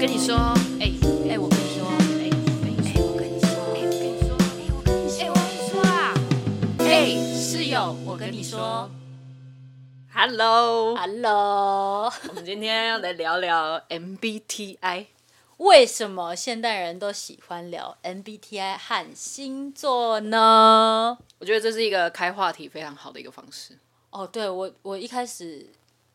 跟你說，哎、欸、哎、欸，我跟你說，哎、欸、哎、欸，我跟你說，哎、欸、我跟你說，哎我跟你說啊，哎、欸、室友，我跟你說，我跟你說，Hello Hello，我們今天要來聊聊 MBTI， 為什麼現代人都喜歡聊 MBTI 和星座呢？我覺得這是一個開話題非常好的一個方式。哦，oh, 對，我我一開始。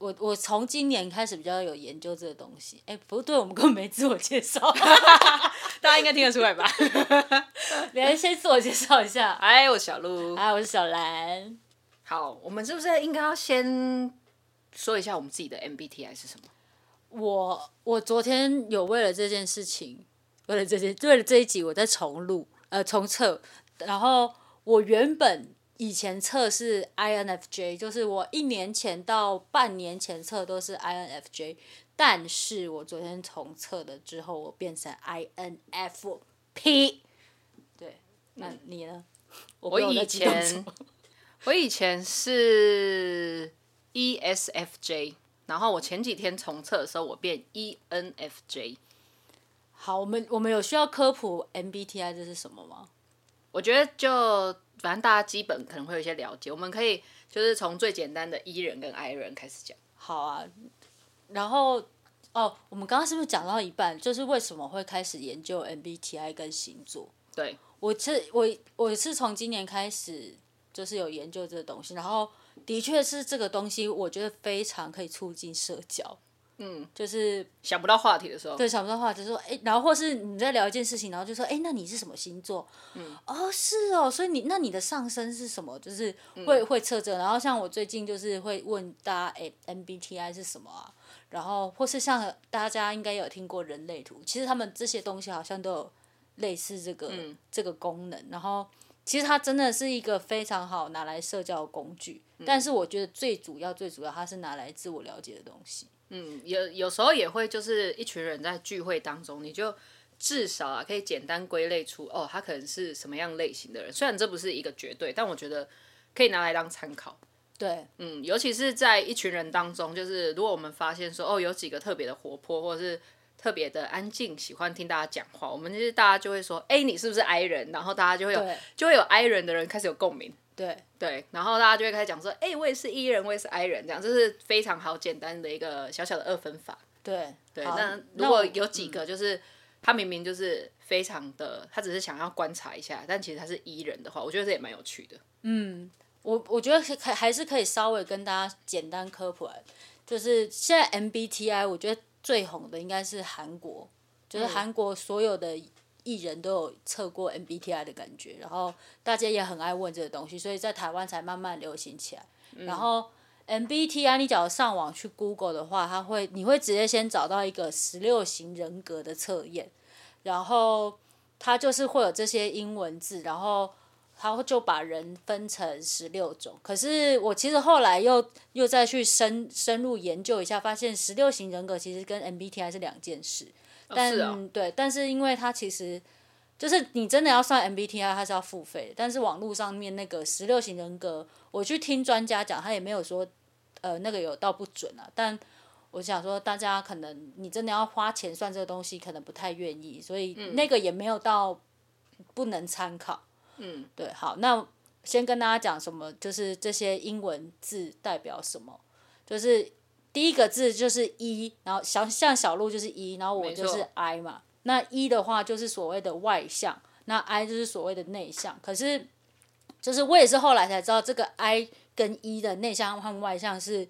我我從今年開始比較有研究這個東西，哎、欸，不對，我們根本沒自我介紹， 大家應該聽得出來吧？ 你來，先自我介紹一下，哎，我是小鹿，哎，我是小蘭。好，我們是不是應該要先說一下我們自己的 MBTI 是什麼？我我昨天有為了這件事情，為了這些，為了這一集我在重錄呃重測，然後我原本。以前測是 INFJ，就是我一年前到半年前測都是 INFJ，但是我昨天重測了之後，我變成 INFP。嗯、對，那你呢？我以前，我，我，我以前是 ESFJ，然後我前幾天重測的時候，我變 ENFJ。好，我們我們有需要科普 MBTI 這是什麼嗎？我覺得就。反正大家基本可能會有一些了解，我們可以就是從最簡單的 E 人跟 I 人開始講。好啊，然後哦，我們剛剛是不是講到一半？就是為什麼會開始研究 MBTI 跟星座？對，我是我我是從今年開始就是有研究這個東西，然後的確是這個東西，我覺得非常可以促進社交。嗯，就是想不到話題的時候，對，想不到話題說哎、欸，然後或是你在聊一件事情，然後就說哎、欸，那你是什麼星座？嗯，哦，是哦，所以你那你的上升是什麼？就是會、嗯、會測着，然後像我最近就是會問大家哎、欸，MBTI 是什麼啊？然後或是像大家應該有聽過人類圖，其實他們這些東西好像都有類似這個、嗯、這個功能。然後其實它真的是一個非常好拿來社交的工具，嗯、但是我覺得最主要最主要它是拿來自我了解的東西。嗯，有有時候也會就是一群人在聚會當中，你就至少啊可以簡單歸類出哦，他可能是什麼樣類型的人。雖然這不是一個絕對，但我覺得可以拿來當參考。對，嗯，尤其是在一群人當中，就是如果我們發現說哦，有幾個特別的活潑，或者是特別的安靜，喜歡聽大家講話，我們就是大家就會說，哎、欸，你是不是 I 人？然後大家就會有對就會有 I 人的人開始有共鳴。對，對，然後大家就會開始講說，哎，我也是 E 人，我也是 I 人，這樣就是非常好簡單的一個小小的二分法。對對，對。好那如果有幾個就是、嗯、他明明就是非常的，他只是想要觀察一下，但其實他是 E 人的話，我覺得這也蠻有趣的。嗯，我我覺得還還是可以稍微跟大家簡單科普，就是現在 MBTI，我覺得最紅的應該是韓國，就是韓國所有的、嗯。藝人都有測過 MBTI 的感覺，然後大家也很愛問這個東西，所以在台灣才慢慢流行起來。嗯、然後 MBTI，你只要上網去 Google 的話，它會，你會直接先找到一個十六型人格的測驗，然後它就是會有這些英文字，然後它就把人分成十六種。可是我其實後來又又再去深深入研究一下，發現十六型人格其實跟 MBTI 是兩件事。但、哦是哦、對，但是因為它其實，就是你真的要算 MBTI，它是要付費。但是網絡上面那個十六型人格，我去聽專家講，他也沒有說，呃，那個有到不準啊。但我想說，大家可能你真的要花錢算這個東西，可能不太願意，所以那個也沒有到不能參考。嗯，對，好，那先跟大家講什麼？就是這些英文字代表什麼？就是。第一個字就是 E，然後小像小鹿就是 E，然後我就是 I 嘛。錯那 E 的話就是所謂的外向，那 I 就是所謂的內向。可是，就是我也是後來才知道，這個 I 跟 E 的內向和外向是，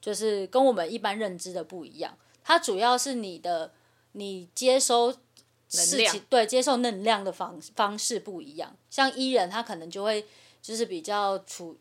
就是跟我們一般認知的不一樣。它主要是你的，你接收事情量對接受能量的方方式不一樣。像 E 人，他可能就會就是比較處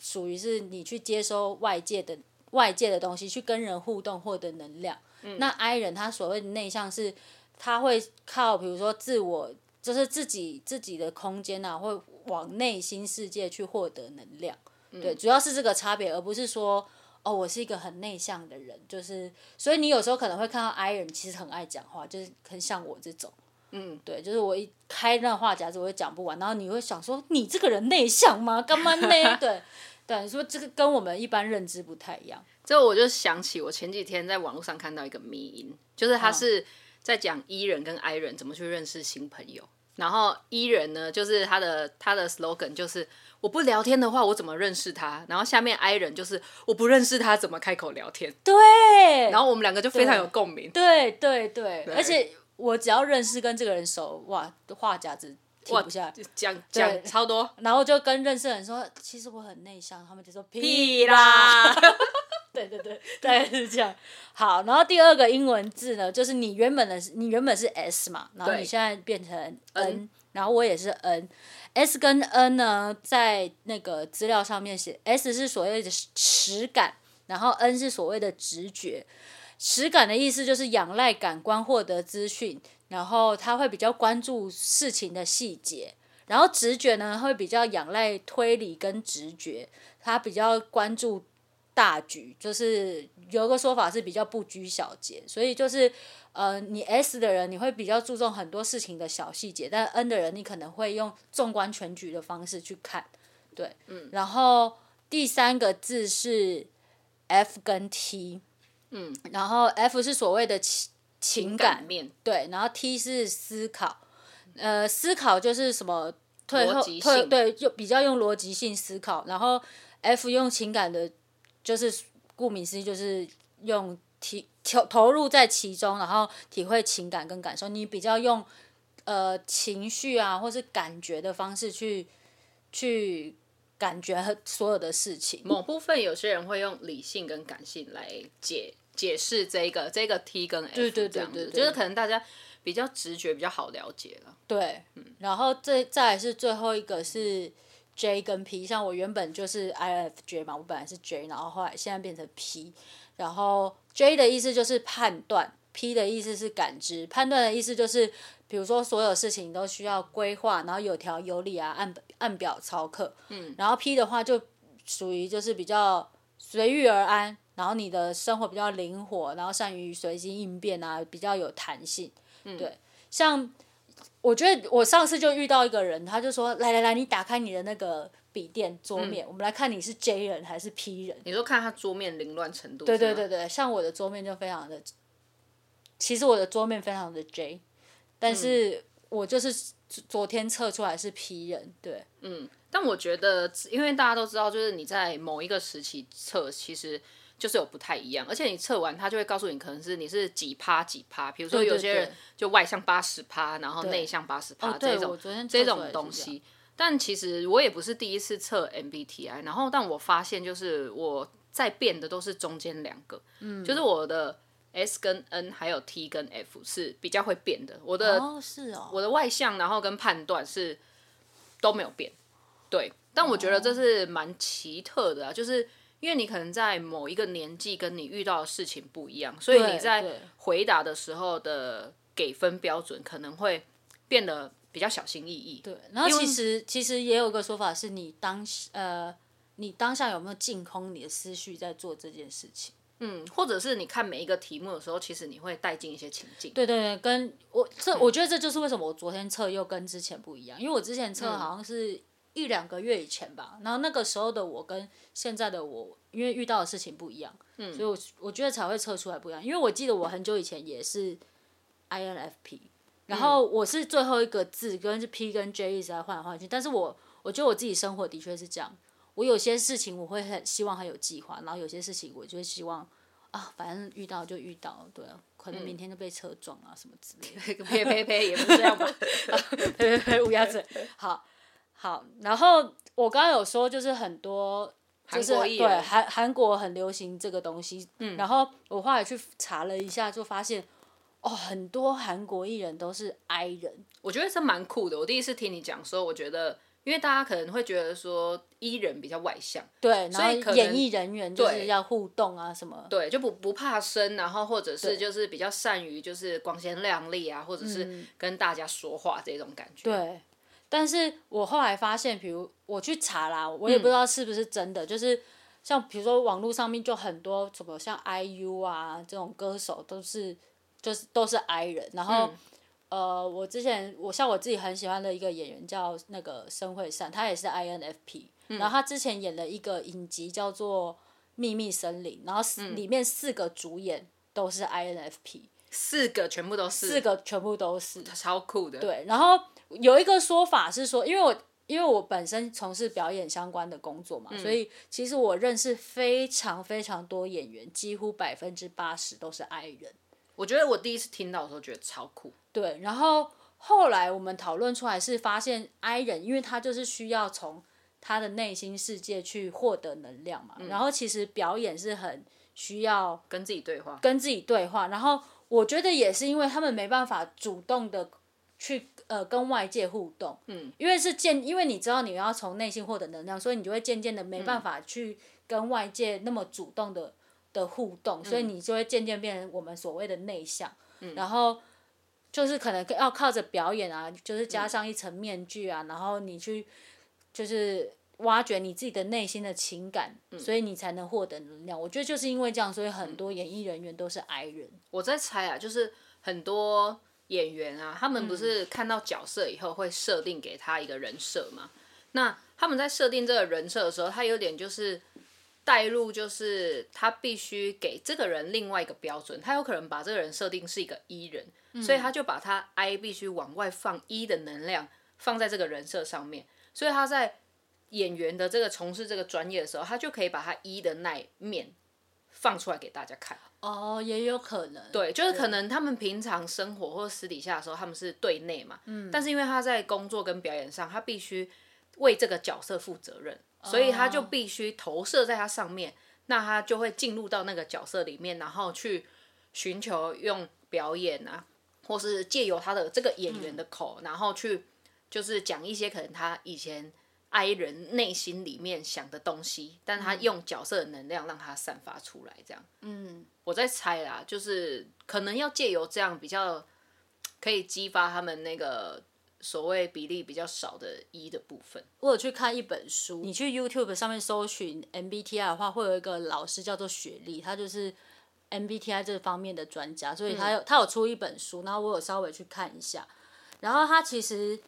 屬於是，你去接收外界的。外界的東西，去跟人互動獲得能量，嗯、那 I 人他所謂的內向是，他會靠比如說自我，就是自己自己的空間啊，會往內心世界去獲得能量。嗯、對，主要是這個差別，而不是說哦，我是一個很內向的人，就是所以你有時候可能會看到 I 人其實很愛講話，就是很像我這種。嗯，對，就是我一開那話匣子，我就講不完，然後你會想說，你這個人內向嗎？幹嘛呢？對。 等於說，這個跟我們一般認知不太一樣。這我就想起，我前幾天在網絡上看到一個迷因，就是他是在講 E 人跟 I 人怎麼去認識新朋友。然後 E 人呢，就是他的他的 slogan 就是我不聊天的話，我怎麼認識他？然後下面 I 人就是我不認識他，怎麼開口聊天？對。然後我們兩個就非常有共鳴。對對對，對對對對，而且我只要認識跟這個人熟，哇，話匣子。停不下來，講講對超多，然後就跟認識的人說，其實我很內向，他們就說屁啦， 對對對，對是這樣。好，然後第二個英文字呢，就是你原本的是你原本是 S 嘛，然後你現在變成 N，對然後我也是 N，S N S 跟 N 呢，在那個資料上面寫 S 是所謂的實感，然後 N 是所謂的直覺，實感的意思就是仰賴感官獲得資訊。然後他會比較關注事情的細節，然後直覺呢會比較仰賴推理跟直覺，他比較關注大局，就是有個說法是比較不拘小節，所以就是呃，你 S 的人你會比較注重很多事情的小細節，但 N 的人你可能會用縱觀全局的方式去看，對，嗯，然後第三個字是 F 跟 T，嗯，然後 F 是所謂的情感，情感面對，然後 T 是思考，呃，思考就是什麼推，邏輯性，推，對，就比較用邏輯性思考。然後 F 用情感的，就是顧名思義就是用體投投入在其中，然後體會情感跟感受。你比較用呃情緒啊，或是感覺的方式去去感覺所有的事情。某部分有些人會用理性跟感性來解。解釋這個這個 T 跟 F 對對，對,對,對,對就是可能大家比較直覺比較好了解了。對，嗯，然後這再再來是最後一個是 J 跟 P。像我原本就是 I F J 嘛，我本來是 J，然後後來現在變成 P。然後 J 的意思就是判斷，P 的意思是感知。判斷的意思就是，比如說所有事情都需要規劃，然後有條有理啊，按按表操課。嗯，然後 P 的話就屬於就是比較隨遇而安。然後你的生活比較靈活，然後善於隨機應變啊，比較有彈性。嗯、對，像我覺得我上次就遇到一個人，他就說：“來來來，你打開你的那個筆電桌面，嗯、我們來看你是 J 人還是 P 人。”你說看他桌面凌亂程度。對對對對，像我的桌面就非常的，其實我的桌面非常的 J，但是我就是昨昨天測出來是 P 人，對。嗯，但我覺得，因為大家都知道，就是你在某一個時期測，其實。就是有不太一樣，而且你測完他就會告訴你，可能是你是幾趴幾趴，比如說有些人就外向八十趴，然後內向八十趴這種，對對對，這種，這種東西。但其實我也不是第一次測 MBTI，然後但我發現就是我在變的都是中間兩個，嗯，就是我的 S 跟 N 還有 T 跟 F 是比較會變的。我的，哦，是哦，我的外向然後跟判斷是都沒有變，對。但我覺得這是蠻奇特的啊，就是。因為你可能在某一個年紀，跟你遇到的事情不一樣，所以你在回答的時候的給分標準可能會變得比較小心翼翼。對，然後其實為其實也有個說法，是你當下呃，你當下有沒有淨空你的思緒，在做這件事情？嗯，或者是你看每一個題目的時候，其實你會帶進一些情境。對對對，跟我這，嗯、我覺得這就是為什麼我昨天測又跟之前不一樣，因為我之前測好像是、嗯。一兩個月以前吧，然後那個時候的我跟現在的我，因為遇到的事情不一樣，嗯，所以我我覺得才會測出來不一樣。因為我記得我很久以前也是，INFP，嗯，然後我是最後一個字跟是 P 跟 J 一直在換來換去，但是我我覺得我自己生活的確是這樣。我有些事情我會很希望很有計劃，然後有些事情我就會希望啊，反正遇到就遇到，對啊，可能明天就被車撞啊，嗯，什麼之類的。呸呸呸，也不是這樣吧？ 呸呸呸呸，烏鴉嘴，好。好，然後我剛剛有說就是很多，就是，韓國藝人，對，韓韓國很流行這個東西，嗯，然後我後來去查了一下，就發現哦，很多韓國藝人都是 I 人，我覺得是蠻酷的。我第一次聽你講說，我覺得因為大家可能會覺得說 E 人比較外向，對，所以然後演藝人員就是要互動啊什麼，對，就不不怕生，然後或者是就是比較善於就是光鮮亮麗啊，對或者是跟大家說話這種感覺，嗯、對。但是我後來發現，比如我去查啦，我也不知道是不是真的，嗯、就是像比如說網絡上面就很多什麼像 IU 啊這種歌手都是，就是都是 I 人。然後，嗯、呃，我之前我像我自己很喜歡的一個演員叫那個申惠善，他也是 INFP、嗯。然後他之前演了一個影集叫做《秘密森林》，然後四裡面四個主演都是 INFP，四個全部都是，四個全部都是，超酷的。對，然後。有一個說法是說，因為我因為我本身從事表演相關的工作嘛，嗯，所以其實我認識非常非常多演員，幾乎百分之八十都是 I 人。我覺得我第一次聽到的時候覺得超酷。對，然後後來我們討論出來是發現 I 人，因為他就是需要從他的內心世界去獲得能量嘛。嗯，然後其實表演是很需要跟自己對話，跟自己對話。然後我覺得也是因為他們沒辦法主動的。去呃，跟外界互動，嗯、因為是漸，因為你知道你要從內心獲得能量，所以你就會漸漸的沒辦法去跟外界那麼主動的、嗯、的互動，所以你就會漸漸變成我們所謂的內向，嗯、然後就是可能要靠着表演啊，就是加上一層面具啊，嗯、然後你去就是挖掘你自己的內心的情感，嗯、所以你才能獲得能量。我覺得就是因為這樣，所以很多演藝人員都是 I 人。我在猜啊，就是很多。演員啊，他們不是看到角色以後會設定給他一個人設嗎？嗯、那他們在設定這個人設的時候，他有點就是帶入，就是他必須給這個人另外一個標準，他有可能把這個人設定是一個 E 人，嗯、所以他就把他 I 必須往外放 E 的能量放在這個人設上面，所以他在演員的這個從事這個專業的時候，他就可以把他 E 的那一面放出來給大家看。哦，oh, 也有可能，對，是就是可能他們平常生活或私底下的時候，他們是對內嘛，嗯，但是因為他在工作跟表演上，他必須為這個角色負責任，哦、所以他就必須投射在他上面，那他就會進入到那個角色裡面，然後去尋求用表演啊，或是借由他的這個演員的口，嗯、然後去就是講一些可能他以前。I 人內心裡面想的東西，但他用角色的能量讓他散發出來，這樣。嗯，我在猜啦，就是可能要借由這樣比較可以激發他們那個所謂比例比較少的一、e、的部分。我有去看一本書，你去 YouTube 上面搜尋 MBTI 的話，會有一個老師叫做雪莉，他就是 MBTI 這方面的專家，所以他有他有出一本書，然後我有稍微去看一下，然後他其實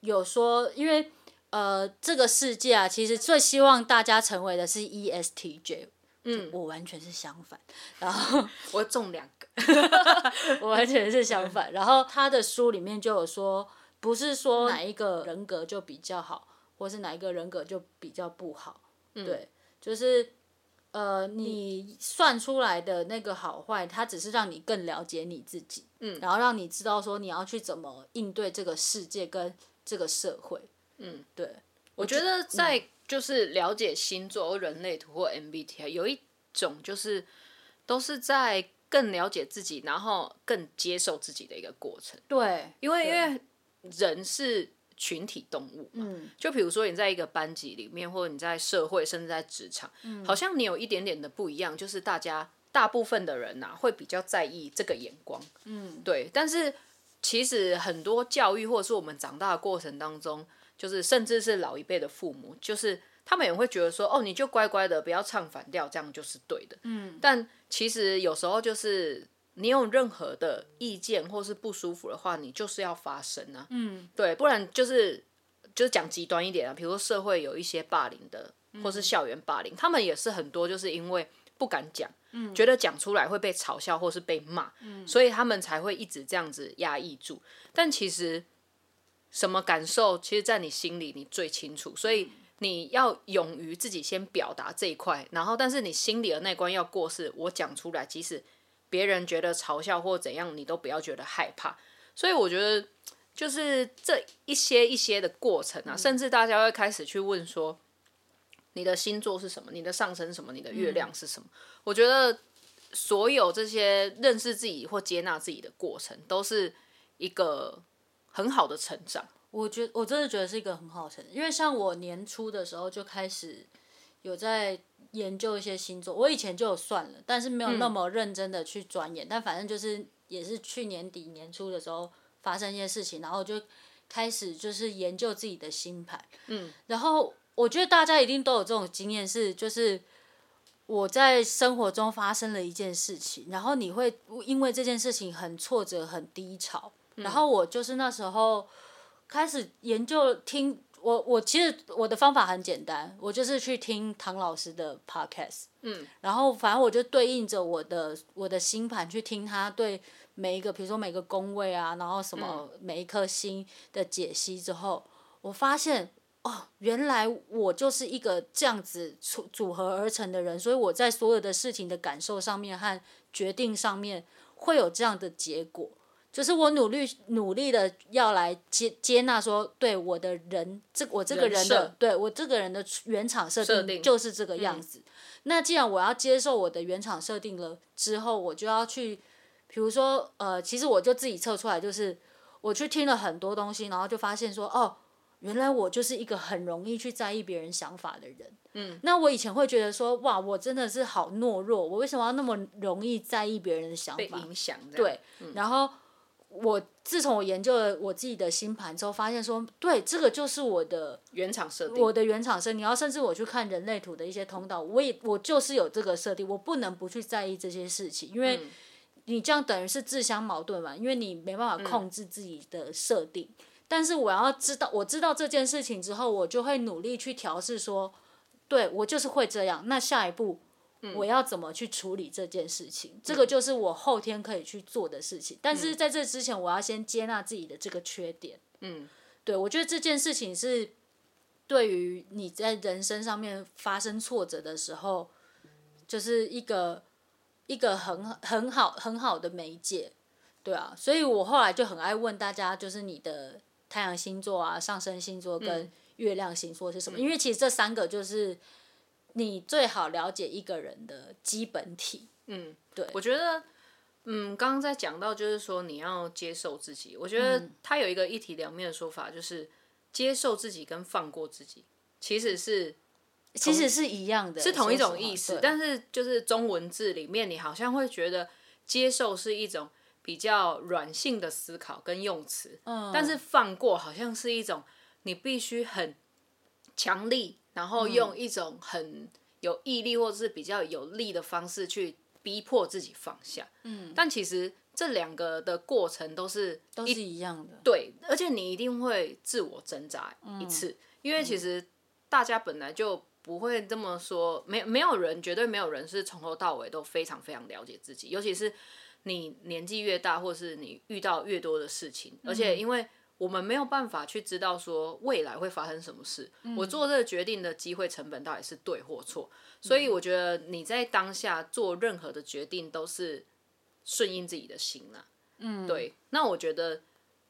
有說，因為。呃，這個世界啊，其實最希望大家成為的是 ESTJ。嗯，我完全是相反。然後我中兩個， 我完全是相反。嗯、然後他的書裡面就有說，不是說哪一個人格就比較好，或是哪一個人格就比較不好。嗯、對，就是呃，你算出來的那個好壞，它你只是讓你更了解你自己。嗯、然後讓你知道說你要去怎麼應對這個世界跟這個社會。嗯，對，我就，我覺得在就是了解星座或人類圖或 MBTI 有一種就是都是在更了解自己，然後更接受自己的一個過程。對，因為因為人是群體動物嘛，嗯，就比如說你在一個班級裡面，或者你在社會甚至在職場，嗯，好像你有一點點的不一樣，就是大家大部分的人吶、啊，會比較在意這個眼光，嗯，對。但是其實很多教育或者是我們長大的過程當中。就是，甚至是老一輩的父母，就是他們也會覺得說：“哦，你就乖乖的，不要唱反調，這樣就是對的。”嗯，但其實有時候就是你有任何的意見或是不舒服的話，你就是要發聲啊。嗯，對，不然就是就是講極端一點啊，比如說社會有一些霸凌的，或是校園霸凌，嗯，他們也是很多就是因為不敢講，嗯，覺得講出來會被嘲笑或是被罵，嗯，所以他們才會一直這樣子壓抑住。但其實。什麼感受？其實，在你心裡，你最清楚。所以，你要勇於自己先表達這一塊，然後，但是你心裡的那一關要過，是，我講出來，即使別人覺得嘲笑或怎樣，你都不要覺得害怕。所以，我覺得就是這一些一些的過程啊，嗯、甚至大家會開始去問說，你的星座是什麼？你的上升什麼？你的月亮是什麼？嗯、我覺得所有這些認識自己或接納自己的過程，都是一個。很好的成長，我覺得我真的覺得是一個很好的成長。因為像我年初的時候就開始有在研究一些星座，我以前就有算了，但是沒有那麼認真的去鑽研，嗯，但反正就是也是去年底年初的時候發生一些事情，然後就開始就是研究自己的星盤，嗯，然後我覺得大家一定都有這種經驗，是就是我在生活中發生了一件事情，然後你會因為這件事情很挫折，很低潮。然後我就是那時候開始研究聽我，我其實我的方法很簡單，我就是去聽唐老師的 podcast，嗯，然後反正我就對應着我的我的星盤去聽他對每一個，比如說每個宮位啊，然後什麼每一顆星的解析之後，嗯，我發現哦，原來我就是一個這樣子組組合而成的人，所以我在所有的事情的感受上面和決定上面會有這樣的結果。就是我努力努力的要來接接納，說對我的人，這我這個人的，人設，對我這個人的原廠設定就是這個樣子。嗯。那既然我要接受我的原廠設定了之後，我就要去，比如說呃，其實我就自己測出來，就是我去聽了很多東西，然後就發現說哦，原來我就是一個很容易去在意別人想法的人。嗯。那我以前會覺得說哇，我真的是好懦弱，我為什麼要那麼容易在意別人的想法？被影響。對，嗯。然後。我自從我研究了我自己的星盤之後，發現說，對，這個就是我的原廠設定。我的原廠設定，你要甚至我去看人類圖的一些通道，我也我就是有這個設定，我不能不去在意這些事情，因為，你這樣等於是自相矛盾嘛，因為你沒辦法控制自己的設定。嗯、但是我要知道，我知道這件事情之後，我就會努力去調試，說，對我就是會這樣。那下一步。我要怎麼去處理這件事情？嗯、這個就是我後天可以去做的事情。嗯、但是在這之前，我要先接納自己的這個缺點。嗯，對，我覺得這件事情是對於你在人生上面發生挫折的時候，嗯、就是一個一個很很好很好的媒介。對啊，所以我後來就很愛問大家，就是你的太陽星座啊，上升星座跟月亮星座是什麼？嗯、因為其實這三個就是。你最好了解一個人的基本體。嗯，對，我覺得，嗯，剛剛在講到，就是說你要接受自己。我覺得他有一個一體兩面的說法，就是接受自己跟放過自己，其實是，其實是一樣的，是同一種意思。但是就是中文字裡面，你好像會覺得接受是一種比較軟性的思考跟用詞，嗯，但是放過好像是一種你必須很強力。然後用一種很有毅力或者是比較有力的方式去逼迫自己放下。嗯，但其實這兩個的過程都是都是一樣的。對，而且你一定會自我掙扎一次，嗯、因為其實大家本來就不會這麼說，嗯、沒沒有人絕對沒有人是從頭到尾都非常非常了解自己，尤其是你年紀越大，或是你遇到越多的事情，嗯、而且因為。我們沒有辦法去知道說未來會發生什麼事。嗯、我做這個決定的機會成本到底是對或錯？嗯、所以我覺得你在當下做任何的決定都是順應自己的心了、啊。嗯、對。那我覺得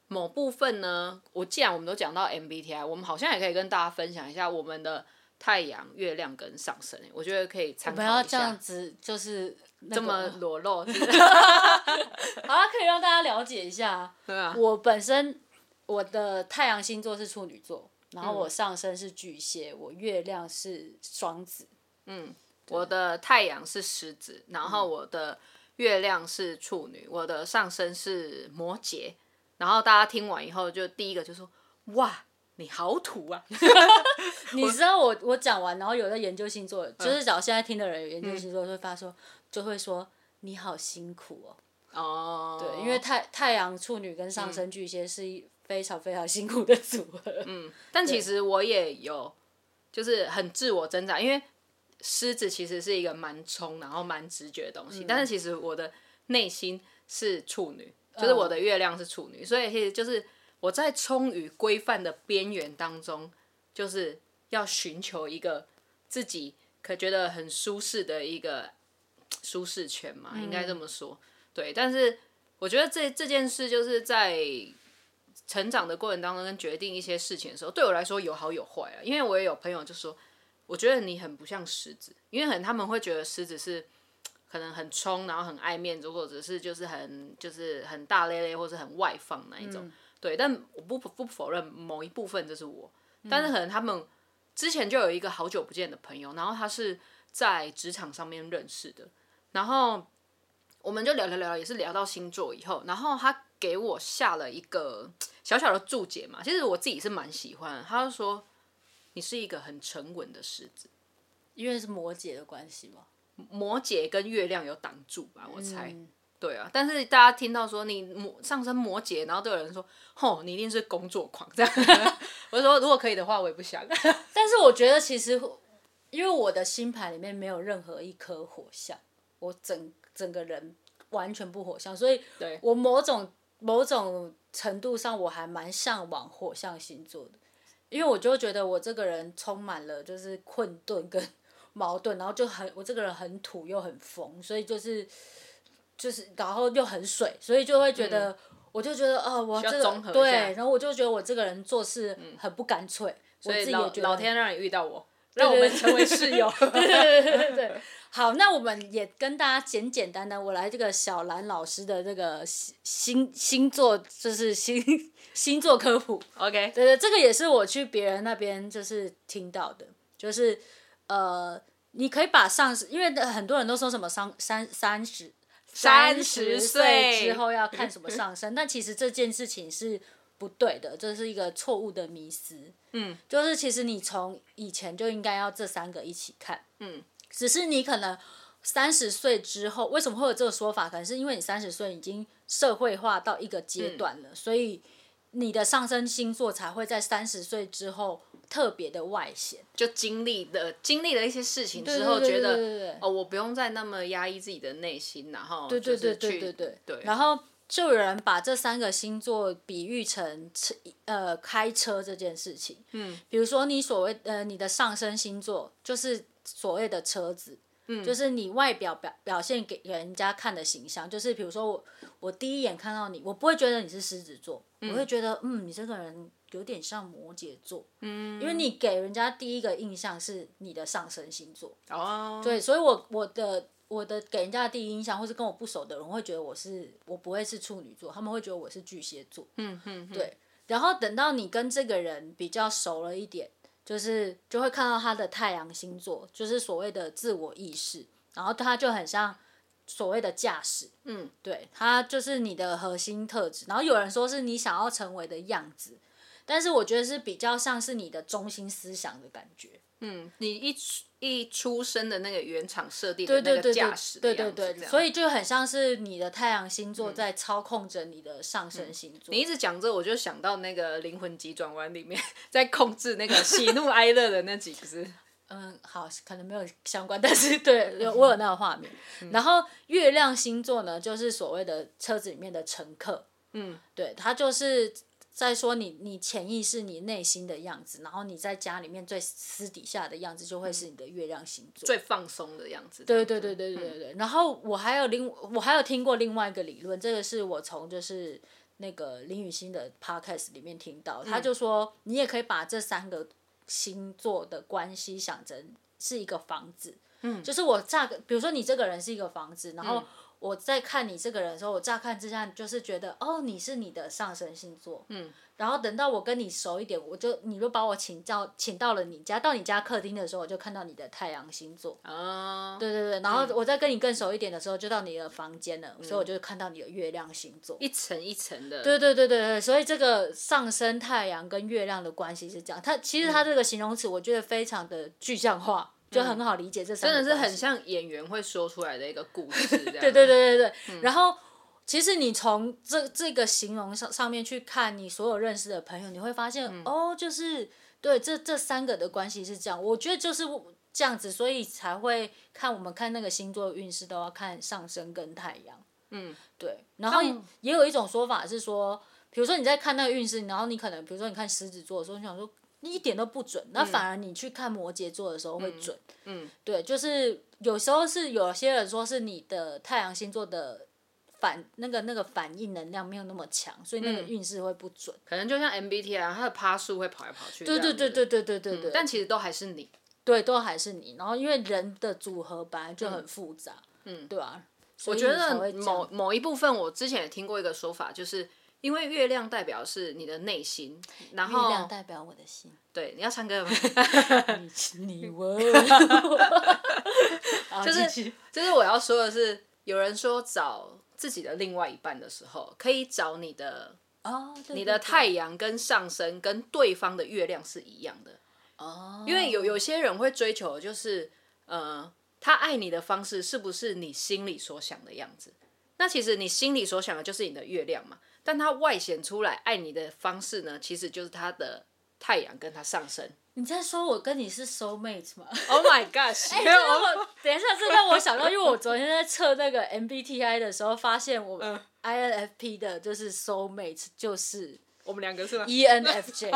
某部分呢，我既然我們都講到 MBTI，我們好像也可以跟大家分享一下我們的太陽、月亮跟上升。我覺得可以參考一下，我們要這樣子，就是、那個、這麼裸露是不是？ 好，可以讓大家了解一下。對啊，我本身。我的太陽星座是處女座，然後我上升是巨蟹，嗯、我月亮是雙子。嗯，吧我的太陽是獅子，然後我的月亮是處女，嗯、我的上升是摩羯。然後大家聽完以後，就第一個就說：“哇，你好土啊！” 你知道我我講完，然後有的研究星座，嗯、就是找現在聽的人研究星座，會發說、嗯、就會說：“你好辛苦哦。”哦，對，因為太太陽處女跟上升巨蟹是一。嗯非常非常辛苦的組合。嗯，但其實我也有，就是很自我掙扎，對因為獅子其實是一個蠻衝，然後蠻直覺的東西。嗯、但是其實我的內心是處女，嗯、就是我的月亮是處女，嗯、所以其實就是我在衝與規範的邊緣當中，就是要尋求一個自己可覺得很舒適的一個舒適圈嘛，嗯、應該這麼說。對，但是我覺得這這件事就是在。成長的過程當中跟決定一些事情的時候，對我來說有好有壞啊。因為我也有朋友就說，我覺得你很不像獅子，因為可能他們會覺得獅子是可能很衝，然後很愛面子，或者是就是很就是很大咧咧，或是很外放那一種。嗯、對，但我不不，不否認某一部分就是我，但是可能他們之前就有一個好久不見的朋友，然後他是在職場上面認識的，然後我們就聊聊聊也是聊到星座以後，然後他。給我下了一個小小的註解嘛，其實我自己是蠻喜歡。他就說你是一個很沉穩的獅子，因為是摩羯的關係嘛。摩羯跟月亮有擋住吧，我猜。嗯、對啊，但是大家聽到說你摩上升摩羯，然後都有人說，吼，你一定是工作狂這樣。 我就說如果可以的話，我也不想。 但是我覺得其實因為我的星盤裡面沒有任何一顆火象，我整整個人完全不火象，所以我某種。某種程度上，我還蠻向往火象星座的，因為我就覺得我這個人充滿了就是困頓跟矛盾，然後就很我這個人很土又很瘋，所以就是就是然後又很水，所以就會覺得、嗯、我就覺得啊、哦，我這很、個、對，然後我就覺得我這個人做事很不乾脆、嗯，所以老，我自己也覺得，老天讓你遇到我，對對對讓我們成為室友。對,對,對,對。 好，那我們也跟大家簡簡單單，我來這個小蘭老師的這個星星座，就是星星座科普。OK，對，對對，這個也是我去別人那邊就是聽到的，就是呃，你可以把上，因為很多人都說什麼三三三十三十歲之後要看什麼上升， 但其實這件事情是不對的，這、就是一個錯誤的迷思。嗯，就是其實你從以前就應該要這三個一起看。嗯。只是你可能三十歲之後，為什麼會有這個說法？可能是因為你三十歲已經社會化到一個階段了，嗯，所以你的上升星座才會在三十歲之後特別的外顯。就經歷了經歷了一些事情之後，覺得哦，我不用再那麼壓抑自己的內心，然後對對對對對對，對，然後就有人把這三個星座比喻成車呃開車這件事情。嗯，比如說你所謂呃你的上升星座就是，所謂的車子，嗯，就是你外表表表現給人家看的形象，就是比如說我，我第一眼看到你，我不會覺得你是獅子座，嗯，我會覺得嗯，你這個人有點像摩羯座，嗯，因為你給人家第一個印象是你的上升星座，哦，對，所以我我的我的給人家的第一印象，或是跟我不熟的人會覺得我是我不會是處女座，他們會覺得我是巨蟹座，嗯，嗯，嗯，對，然後等到你跟這個人比較熟了一點，就是就會看到他的太陽星座，就是所謂的自我意識，然後他就很像所謂的駕駛，嗯，對他就是你的核心特質，然後有人說是你想要成為的樣子。但是我覺得是比較像是你的中心思想的感覺。嗯，你一出一出生的那個原廠設定，那個駕駛，對對對，對，對，對對對，所以就很像是你的太陽星座在操控着你的上升星座。嗯、你一直講着，我就想到那個靈魂急轉彎裡面 在控制那個喜怒哀樂的那幾個字。嗯，好，可能沒有相關，但是對，我有那個畫面。嗯、然後月亮星座呢，就是所謂的車子裡面的乘客。嗯，對，它就是。再說你，你潛意識，你內心的樣子，然後你在家裡面最私底下的樣子，就會是你的月亮星座，嗯、最放鬆的樣子，這樣子。對對對對對對，嗯、然後我還有另，我還有聽過另外一個理論，這個是我從就是那個林雨欣的 podcast 裡面聽到，她，嗯、就說你也可以把這三個星座的關係想成是一個房子，嗯，就是我這個，比如說你這個人是一個房子，然後。我在看你這個人的時候，我乍看之下就是覺得哦，你是你的上升星座。嗯。然後等到我跟你熟一點，我就你就把我請到請到了你家，到你家客廳的時候，我就看到你的太陽星座。哦、對對對，然後我再跟你更熟一點的時候，就到你的房間了，嗯、所以我就看到你的月亮星座。嗯、星座一層一層的。對對對對對，所以這個上升太陽跟月亮的關係是這樣，它其實它這個形容詞，我覺得非常的具象化。就很好理解這三個、嗯，真的是很像演員會說出來的一個故事，對 對對對對。嗯、然後，其實你從這這個形容上上面去看你所有認識的朋友，你會發現、嗯、哦，就是對這這三個的關係是這樣。我覺得就是這樣子，所以才會看我們看那個星座運勢都要看上升跟太陽。嗯，對。然後也有一種說法是說，比如說你在看那個運勢，然後你可能比如說你看獅子座的時候，你想說。你一點都不準，那反而你去看摩羯座的時候會準。嗯，嗯對，就是有時候是有些人說是你的太陽星座的反那個那個反應能量沒有那麼強，所以那個運勢會不準。嗯、可能就像 MBTI，它的趴數會跑來跑去。對對對對對對對。對對嗯、但其實都還是你，對，都還是你。然後因為人的組合本來就很複雜，嗯，對啊，我覺得某某一部分，我之前也聽過一個說法，就是。因為月亮代表是你的內心，然後月亮代表我的心。對，你要唱歌嗎？就是去就是我要說的是，有人說找自己的另外一半的時候，可以找你的哦，對對對對，你的太陽跟上升跟對方的月亮是一樣的哦。因為有有些人會追求，就是、呃、他愛你的方式是不是你心裡所想的樣子？那其實你心裡所想的就是你的月亮嘛。但他外顯出來愛你的方式呢，其實就是他的太陽跟他上升。你在說我跟你是 soulmate 嗎？Oh my gosh！哎、 欸， 等一下，這讓我想到， 因為我昨天在測那個 MBTI 的時候，發現我 INFP 的就是 soulmate 就是。我們兩個是嗎？ENFJ，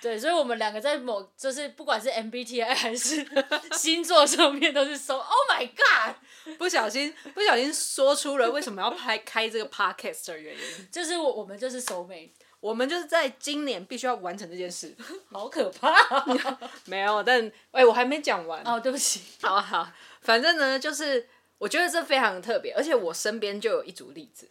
對，所以，我們兩個在某就是不管是 MBTI 還是星座上面都是 so，Oh my god！不小心，不小心說出了為什麼要拍 開這個 Podcast 的原因，就是我我們就是 so 美，我們就是在今年必須要完成這件事，好可怕，喔！ 沒有，但哎、欸，我還沒講完哦，oh, 對不起，好，好好，反正呢，就是我覺得這非常特別，而且我身邊就有一組例子。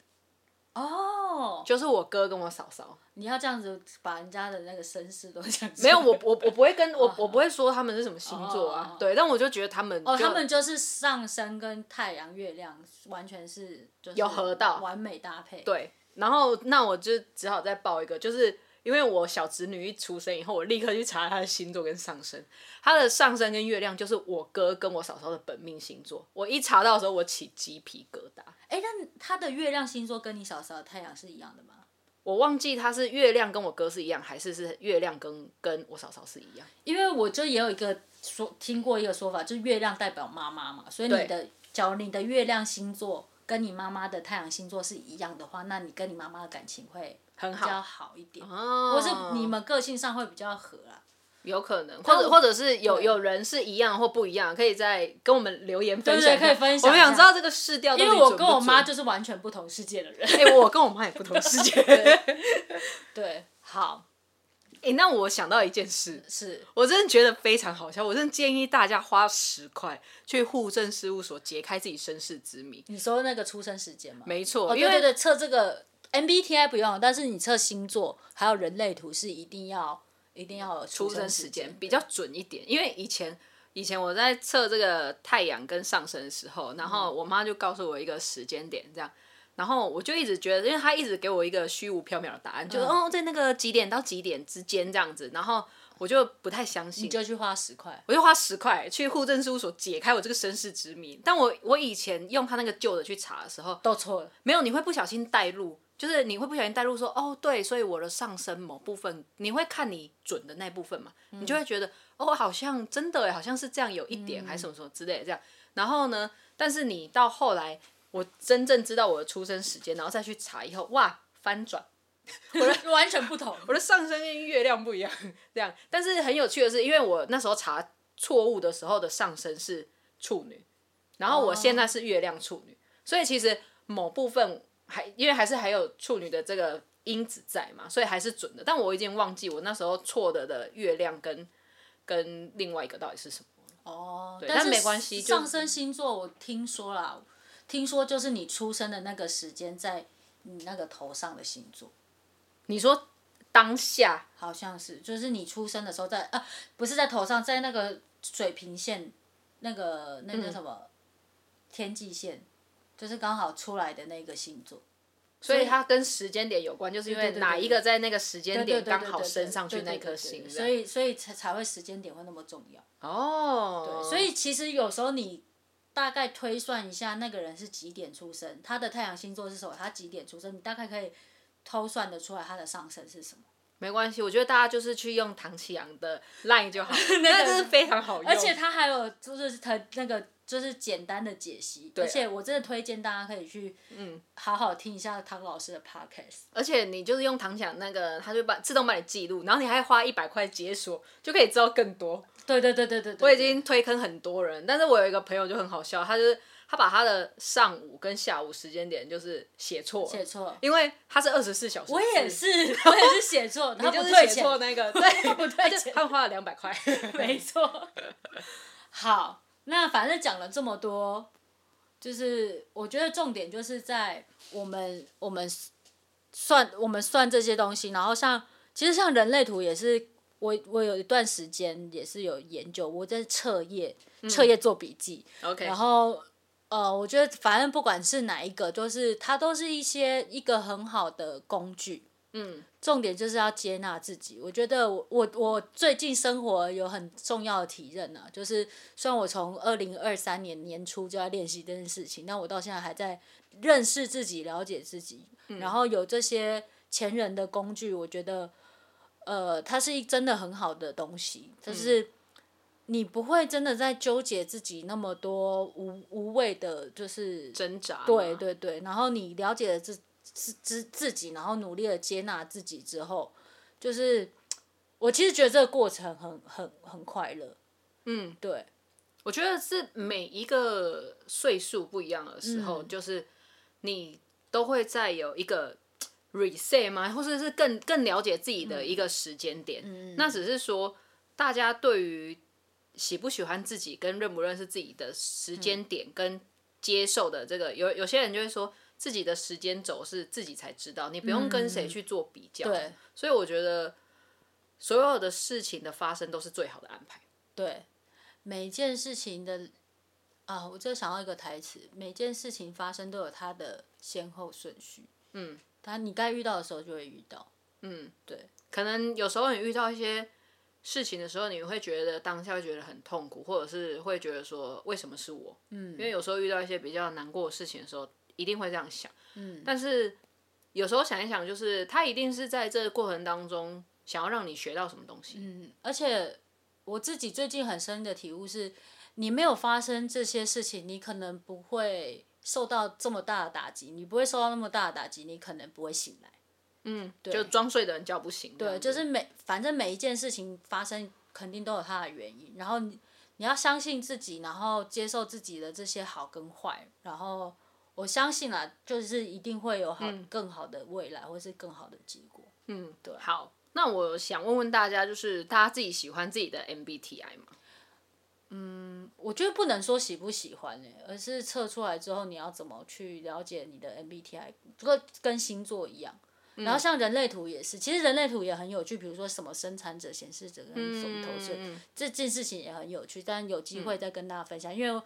哦，oh, 就是我哥跟我嫂嫂。你要這樣子把人家的那個身世都講？ 沒有，我我我不會跟、oh、我我不會說他們是什麼星座啊。Oh、對，oh、但我就覺得他們哦，oh, 他們就是上升跟太陽、月亮完全是就是有合到完美搭配。對，然後那我就只好再報一個，就是。因為我小侄女一出生以後，我立刻去查她的星座跟上升，她的上升跟月亮就是我哥跟我嫂嫂的本命星座。我一查到的時候，我起雞皮疙瘩。哎、欸，那她的月亮星座跟你嫂嫂的太陽是一樣的嗎？我忘記她是月亮跟我哥是一樣，還是是月亮跟跟我嫂嫂是一樣？因為我就也有一個說聽過一個說法，就是月亮代表媽媽嘛，所以你的假如對你的月亮星座。跟你媽媽的太陽星座是一樣的話，那你跟你媽媽的感情會比較好一點，或、啊、是你們個性上會比較合啊。有可能，或者我或者是有、嗯、有人是一樣或不一樣，可以再跟我們留言分享。對,對對，可以分享。我們想知道這個市調。因為我跟我媽就是完全不同世界的人。欸、我跟我媽也不同世界。 對,對，好。欸，那我想到一件事，是我真的覺得非常好笑。我真的建議大家花十塊去戶政事務所解開自己身世之謎。你說那個出生時間嗎？沒錯，哦，因為，對對對，測這個 MBTI 不用，但是你測星座還有人類圖是一定要，一定要有出生時間比較準一點。因為以前以前我在測這個太陽跟上升的時候，嗯，然後我媽就告訴我一個時間點，這樣。然後我就一直覺得，因為他一直給我一個虛無縹緲的答案，就是、嗯、哦，在那個幾點到幾點之間這樣子，然後我就不太相信。你就去花十塊。我就花十塊去戶政事務所解開我這個身世之謎。但我我以前用他那個舊的去查的時候，都錯了。沒有，你會不小心帶入，就是你會不小心帶入說，哦，對，所以我的上升某部分，你會看你準的那部分嘛，嗯、你就會覺得，哦，好像真的，好像是這樣有一點，嗯、還是什麼什麼之類的這樣。然後呢，但是你到後來。我真正知道我的出生時間，然後再去查以後，哇，翻轉，我的 完全不同，我的上升跟月亮不一樣。這樣，但是很有趣的是，因為我那時候查錯誤的時候的上升是處女，然後我現在是月亮處女，哦、所以其實某部分還因為還是還有處女的這個因子在嘛，所以還是準的。但我已經忘記我那時候錯的的月亮跟跟另外一個到底是什麼。哦，對但，是但沒關係，上升星座我聽說了。聽說就是你出生的那個時間，在你那個頭上的星座。你說，當下好像是，就是你出生的時候在呃、啊，不是在頭上，在那個水平線，那個那個什麼，嗯、天際線，就是剛好出來的那個星座。所以，所以它跟時間點有關，就是因為哪一個在那個時間點剛好升上去那顆星，對對對對對對對。所以所以才才會時間點會那麼重要。哦。對。所以其實有時候你。大概推算一下那個人是幾點出生，他的太陽星座是什麼，他幾點出生，你大概可以推算得出來他的上升是什麼。沒關係，我覺得大家就是去用唐綺陽的 Line 就好， 那真、個、是非常好用，而且他還有就是他那個就是簡單的解析，對啊、而且我真的推薦大家可以去嗯好好聽一下唐老師的 Podcast、嗯。而且你就是用唐綺陽那個，他就把自動幫你記錄，然後你還要花一百塊解鎖，就可以知道更多。對對對對，對對對對對，我已經推坑很多人，但是我有一個朋友就很好笑，他就是。他把他的上午跟下午時間點就是寫錯，寫錯，因為他是二十四小時。我也是，對我也是寫錯， 不是就是寫錯那個，對， 不退錢，他花了兩百塊，沒錯。好，那反正講了這麼多，就是我覺得重點就是在我們我們算我們算這些東西，然後像其實像人類圖也是，我我有一段時間也是有研究，我在徹夜徹夜做筆記、嗯、，OK，然後。呃，我覺得反正不管是哪一個，都、就是它都是一些一個很好的工具。嗯，重點就是要接納自己。我覺得我我、我最近生活有很重要的體認呢、啊，就是雖然我從二零二三年年初就在練習這件事情，但我到現在還在認識自己、了解自己，嗯、然後有這些前人的工具，我覺得，呃，它是一真的很好的東西，就是。嗯你不會真的在糾結自己那麼多無無謂的，就是掙扎。對對對，然後你了解了自自自自己，然後努力的接納自己之後，就是我其實覺得這個過程很很很快樂。嗯，對，我覺得是每一個歲數不一樣的時候，嗯、就是你都會再有一個 reset 嗎？或者是,是更更了解自己的一個時間點。嗯嗯、那只是說大家對於。喜不喜歡自己跟認不認識自己的時間點跟接受的這個，有有些人就會說自己的時間軸是自己才知道，你不用跟誰去做比較。嗯、對，所以我覺得所有的事情的發生都是最好的安排。對，每件事情的啊，我正就想到一個台詞：每件事情發生都有它的先後順序。嗯，但你該遇到的時候就會遇到。嗯，對，可能有時候你遇到一些。事情的時候，你會覺得當下會覺得很痛苦，或者是會覺得說為什麼是我？嗯，因為有時候遇到一些比較難過的事情的時候，一定會這樣想。嗯，但是有時候想一想，就是他一定是在這個過程當中想要讓你學到什麼東西。嗯，而且我自己最近很深的體悟是，你沒有發生這些事情，你可能不會受到這麼大的打擊，你不會受到那麼大的打擊，你可能不會醒來。嗯，對就裝睡的人叫不醒。對，就是每反正每一件事情發生，肯定都有它的原因。然後你你要相信自己，然後接受自己的這些好跟壞。然後我相信啊，就是一定會有好、嗯、更好的未來，或是更好的結果。嗯，對。好，那我想問問大家，就是大家自己喜歡自己的 MBTI 嗎？嗯，我覺得不能說喜不喜歡呢、欸，而是測出來之後你要怎麼去了解你的 MBTI。不過跟星座一樣。嗯、然後像人類圖也是，其實人類圖也很有趣，比如說什麼生產者、顯示者跟什麼投射者，這件事情也很有趣。但有機會再跟大家分享，嗯、因為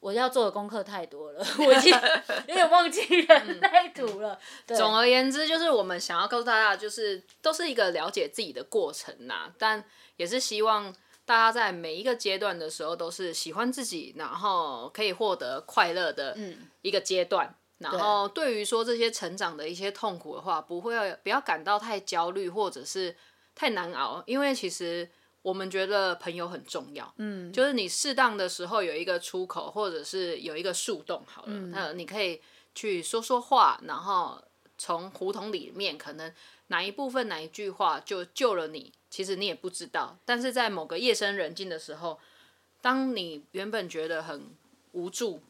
我要做的功課太多了，我已經 有點忘記人類圖了。嗯、對總而言之，就是我們想要告訴大家，就是都是一個了解自己的過程吶。但也是希望大家在每一個階段的時候，都是喜歡自己，然後可以獲得快樂的一個階段。嗯然後，對於說這些成長的一些痛苦的話，不會不要感到太焦慮，或者是太難熬。因為其實我們覺得朋友很重要，嗯，就是你適當的時候有一個出口，或者是有一個樹洞，好了，嗯，那你可以去說說話。然後從胡同裡面，可能哪一部分哪一句話就救了你，其實你也不知道。但是在某個夜深人靜的時候，當你原本覺得很無助。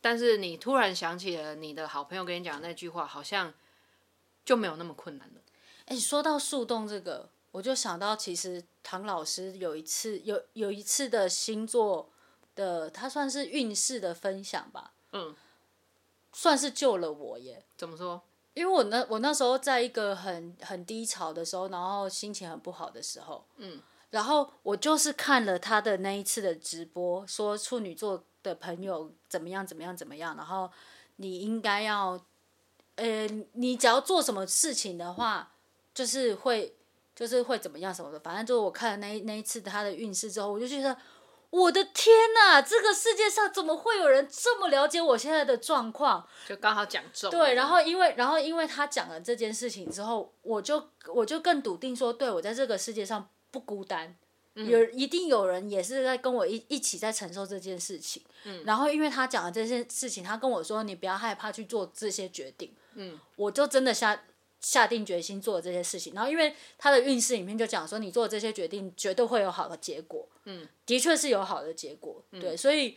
但是你突然想起了你的好朋友跟你講那句話，好像就沒有那麼困難了。欸，說到樹洞這個，我就想到其實唐老師有一次有有一次的星座的，他算是運勢的分享吧，嗯，算是救了我耶。怎麼說？因為我那我那時候在一個很很低潮的時候，然後心情很不好的時候，嗯，然後我就是看了他的那一次的直播，說處女座。的朋友怎麼樣？怎麼樣？怎麼樣？然後你應該要，呃，你只要做什麼事情的話，就是會，就是會怎麼樣什麼的。反正就是我看了那一那一次他的運勢之後，我就覺得我的天哪！這個世界上怎麼會有人這麼了解我現在的狀況？就剛好講中。對，然後因為，然後因為他講了這件事情之後，我就我就更篤定說，對我在這個世界上不孤單。有一定有人也是在跟我一一起在承受這件事情，嗯、然後因為他講了這件事情，他跟我說，你不要害怕去做這些決定，嗯、我就真的下下定決心做這些事情。然後因為他的運勢裡面就講說，你做這些決定絕對會有好的結果，嗯、的確是有好的結果，嗯、對，所以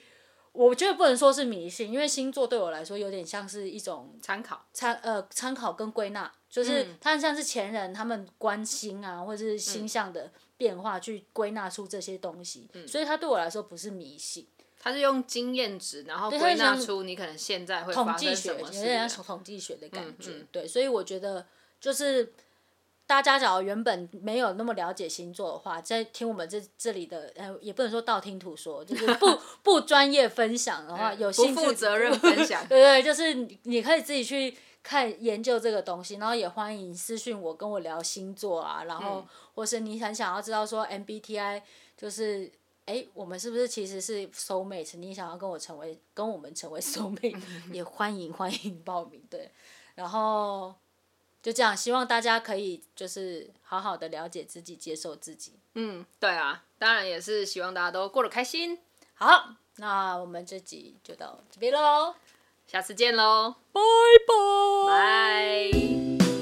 我覺得不能說是迷信，因為星座對我來說有點像是一種參，參考參呃參考跟歸納，就是他、嗯、像是前人他們關心啊或者是星象的。嗯變化去歸納出這些東西，嗯、所以他對我來說不是迷信，他是用經驗值，然後歸納出你可能現在會統計學有點像統計學的感覺，嗯嗯、對，所以我覺得就是大家只要原本沒有那麼了解星座的話，在聽我們這這裡的，也不能說道聽途說，就是不 不專業分享的話，有不負責任分享， 對，對對，就是你可以自己去。看研究這個東西，然後也歡迎私訊我，跟我聊星座啊，然後或是你很想要知道說 MBTI 就是哎、嗯欸，我們是不是其實是 soulmate？你想要跟我成為跟我們成為 soulmate，、嗯、也歡迎歡迎報名。對，然後就這樣，希望大家可以就是好好的了解自己，接受自己。嗯，對啊，當然也是希望大家都過得開心。好，那我們這集就到這邊嘍。下次見嘍！bye，拜拜。